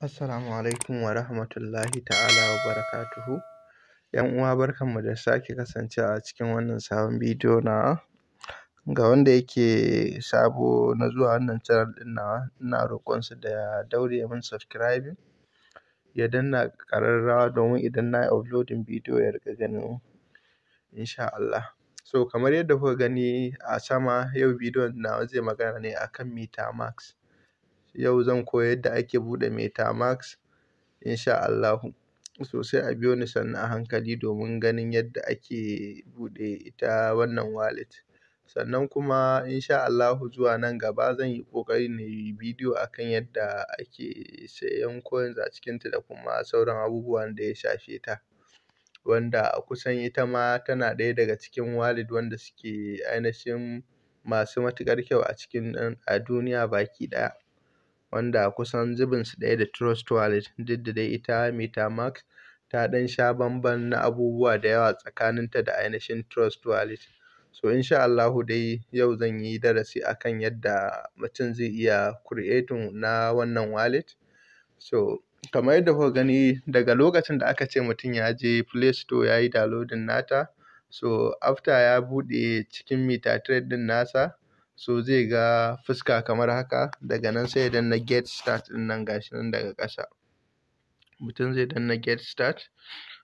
Assalamu alaikum wa rahmatullahi ta'ala wa barakatuhu. ‘Yan uwa barkanmu da sake kasancewa a cikin wannan sabon bidiyo nawa. Ga wanda yake sabo na zuwa wannan channel ɗin nawa, ina su da ya daure ya min subscribing, ya danna ƙararrawa domin idan na yi uploading bidiyo ya riƙa ganin insha Allah. So kamar yadda kuka gani a sama, yau bidiyon nawa zai magana ne a kan meter max. Yau zan koyar yadda ake buɗe MetaMask in sha Allahu. So sai a biyo ni sannu a hankali domin ganin yadda ake buɗe ita wannan wallet. Sannan kuma in Allahu zuwa nan gaba zan yi ƙoƙari na yi bidiyo akan yadda ake sayan coins a cikinta da kuma sauran abubuwan da ya shafe ta. Wanda a kusan ita ma tana ɗaya daga cikin wallet wanda suke ainihin masu matuƙar kyau a cikin a duniya baki ɗaya. wanda kusan zubinsu ɗaya da Trust Wallet duk da dai ita MetaMask ta ɗan sha bamban na abubuwa da yawa tsakaninta da ainihin Trust Wallet. So in sha Allahu dai yau zan yi darasi akan yadda mutum zai iya creating na wannan wallet. So kamar yadda kuka gani daga lokacin da aka ce mutum ya je Play Store ya yi downloading nata, so after ya buɗe cikin MetaTrader ɗin nasa so zai ga fuska kamar haka daga nan sai ya danna get start ɗin nan gashi nan daga ƙasa mutum zai danna get start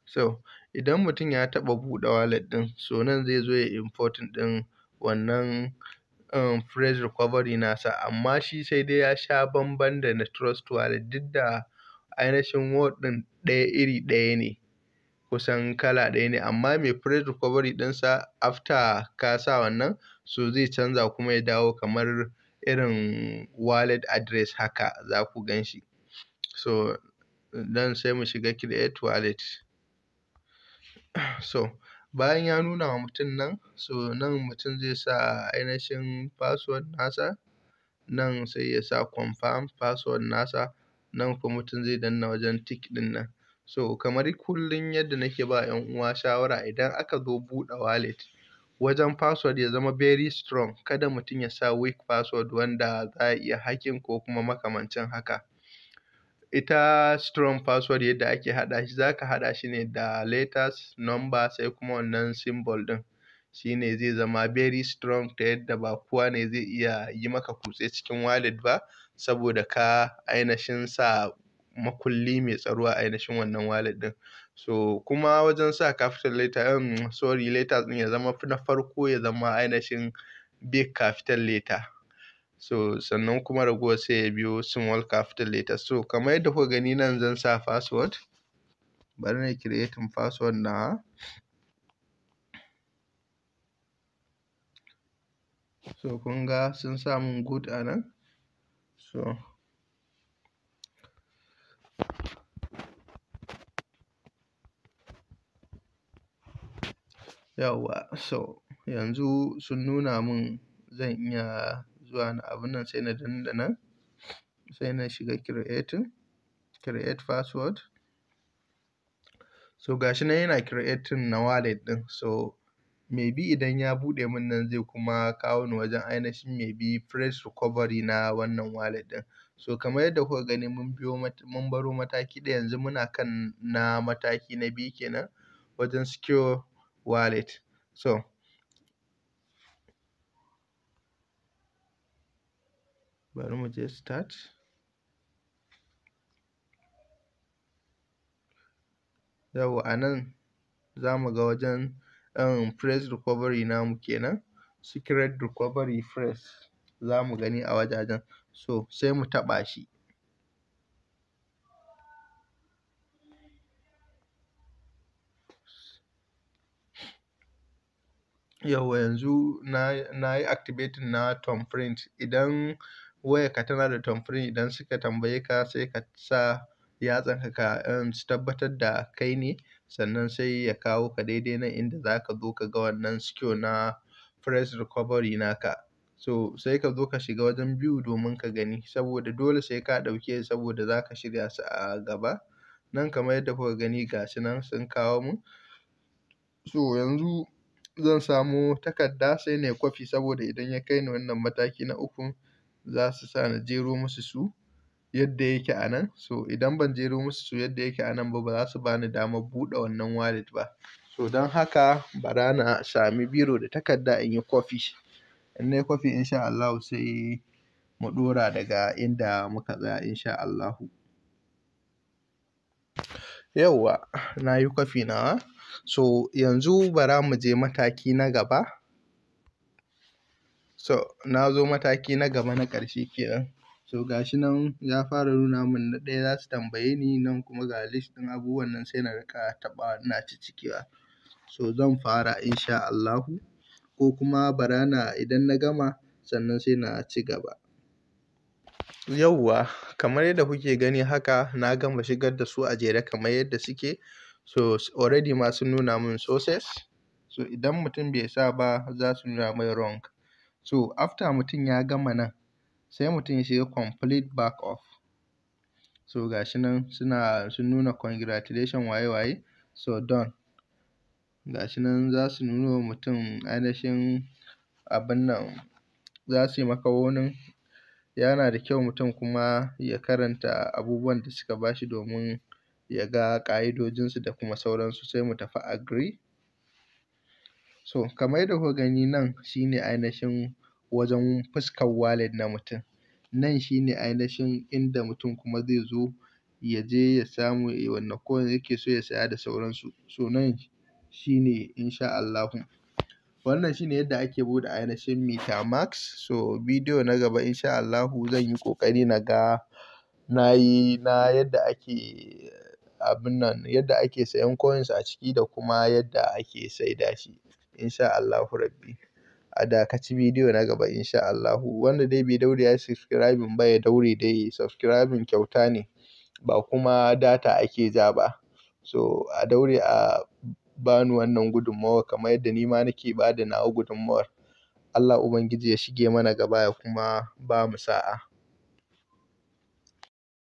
so idan mutum ya taɓa buɗe wallet ɗin so nan zai zo ya import ɗin wannan um, phrase recovery nasa amma shi sai dai ya sha bamban da na trust wallet duk da ainihin word ɗin ɗaya iri ɗaya ne kusan kala ɗaya ne amma mai fret recovery ɗinsa after ka sa wannan so zai canza kuma ya dawo kamar irin wallet address haka za ku gan shi so dan sai mu shiga create wallet so bayan ya nuna wa mutum nan so nan mutum zai sa ainihin password nasa nan sai ya sa confirm password nasa nan kuma mutum zai danna wajen tick ɗin nan So kamar kullum yadda nake ba 'yan uwa shawara idan aka zo buɗe wallet, wajen password ya zama very strong. Kada mutum ya sa weak password wanda za a iya hacking ko kuma makamancin haka. Ita strong password yadda ake haɗa shi, za ka haɗa shi ne da letters, number sai kuma wannan symbol ɗin. Shi ne zai zama very strong ta yadda ba kowa ne zai iya yi maka kutse cikin wallet ba saboda ka ainashin sa. makulli mai tsaro a ainihin wannan wallet ɗin. So kuma wajen sa capital letter, um, sorry letter ɗin ya zama na farko ya zama ainihin big capital letter. So sannan kuma ragowa sai ya biyo small capital letter. So kamar yadda kuka gani nan zan sa password. Bari na yi creating password na. So kun ga sun sa min good a nan. So. Yawwa so yanzu sun nuna min zan iya zuwa na abun nan sai na sai na shiga creating, create password. So ga shi nan yana creating na walet ɗin. So maybe idan ya buɗe min nan zai kuma kawo ni wajen ainihin maybe fresh recovery na wannan walet ɗin. So kamar yadda kuka gani mun biyo mun baro mataki ɗaya yanzu muna kan na mataki na biyu kenan wajen secure. wallet so bari mu je start a nan za mu ga wajen um, phrase recovery namu kenan secret recovery phrase za mu gani a wajajen so sai mu taɓa shi Yauwa yanzu na, yi activating na Tom Print. Idan wayarka tana da Tom Print, idan suka tambaye ka sai ka sa yatsan ka, um, su tabbatar da kai ne. Sannan sai ya kawo ka daidai nan inda za ka zo ka ga wannan secure na press recovery naka. So sai ka zo ka shiga wajen biyu domin ka gani saboda dole sai ka ɗauke saboda za ka shirya su a gaba. Nan kamar yadda kuka gani gashi nan sun kawo mun. So yanzu. zan samu takarda sai na yi kwafi saboda idan ya kai ni wannan mataki na uku za su sa na jero musu su yadda yake a nan. So idan ban jero musu su yadda yake a nan ba, ba za su ba ni damar buɗe wannan wallet ba. So don haka bara na sami biro da takarda in yi kwafi. In na yi kwafi in sha sai mu ɗora daga inda muka tsaya in sha Yauwa na yi kwafi nawa. So yanzu bara mu je mataki na gaba. So na zo mataki na gaba na ƙarshe kenan. So ga shi nan ya fara nuna min na ɗaya za su tambaye ni nan kuma ga list ɗin abubuwan nan sai na riƙa taɓa ina cicciƙewa. So zan fara insha Allahu ko kuma bara na idan na gama sannan sai na ci gaba. Yauwa kamar yadda kuke gani haka na gama shigar da su a jere kamar yadda suke. So already ma sun nuna min sources. So idan mutum bai sa ba za su nuna mai wrong. So after mutum ya gama nan sai mutum ya shiga complete back off. So ga shi nan suna sun nuna congratulation waye waye. So done. Ga nan za su nuna wa mutum ainihin abin nan za su yi maka warning. Yana da kyau mutum kuma ya karanta abubuwan da suka bashi shi domin ya ga ƙa'idojinsu da kuma sauransu sai mu tafi agree so kamar yadda kuka gani nan shi ne ainihin wajen fuskar wallet na mutum nan shi ne ainihin inda mutum kuma zai zo ya je ya samu ya yi wanne yake so ya saya da sauransu so nan shi ne insha Allahu wannan shi ne yadda ake buɗe ainihin max so bidiyo na gaba insha Allahu zan yi ƙoƙari na ga na yi na yadda ake abun nan yadda ake sayan coins a ciki da kuma yadda ake saida shi insha Allahu Rabbi. A dakaci bidiyo na gaba insha Allahu. Wanda dai bai daure ya yi subscribing ba ya daure dai subscribing kyauta ne ba kuma data ake ja ba. So a daure a bani wannan gudunmawar kamar yadda ni ma nake ba da nawa gudunmawar. Allah Ubangiji ya shige mana gaba ya kuma ba mu sa'a.